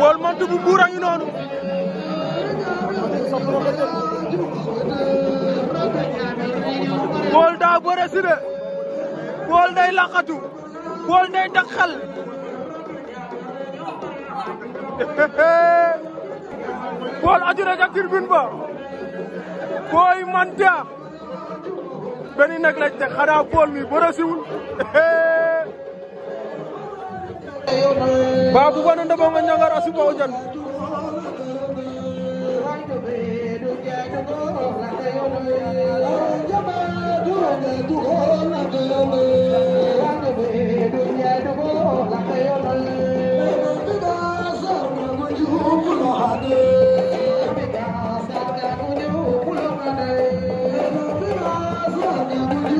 mool mant bu mbuur a noonu mool daa bëre de mool day laqatu mool day daxal mool aju rek ak ba booy manta benn nag lañ teg xanaa pool mi bëre Babu wano nde ɓongo ñagara suba o jan Thank you.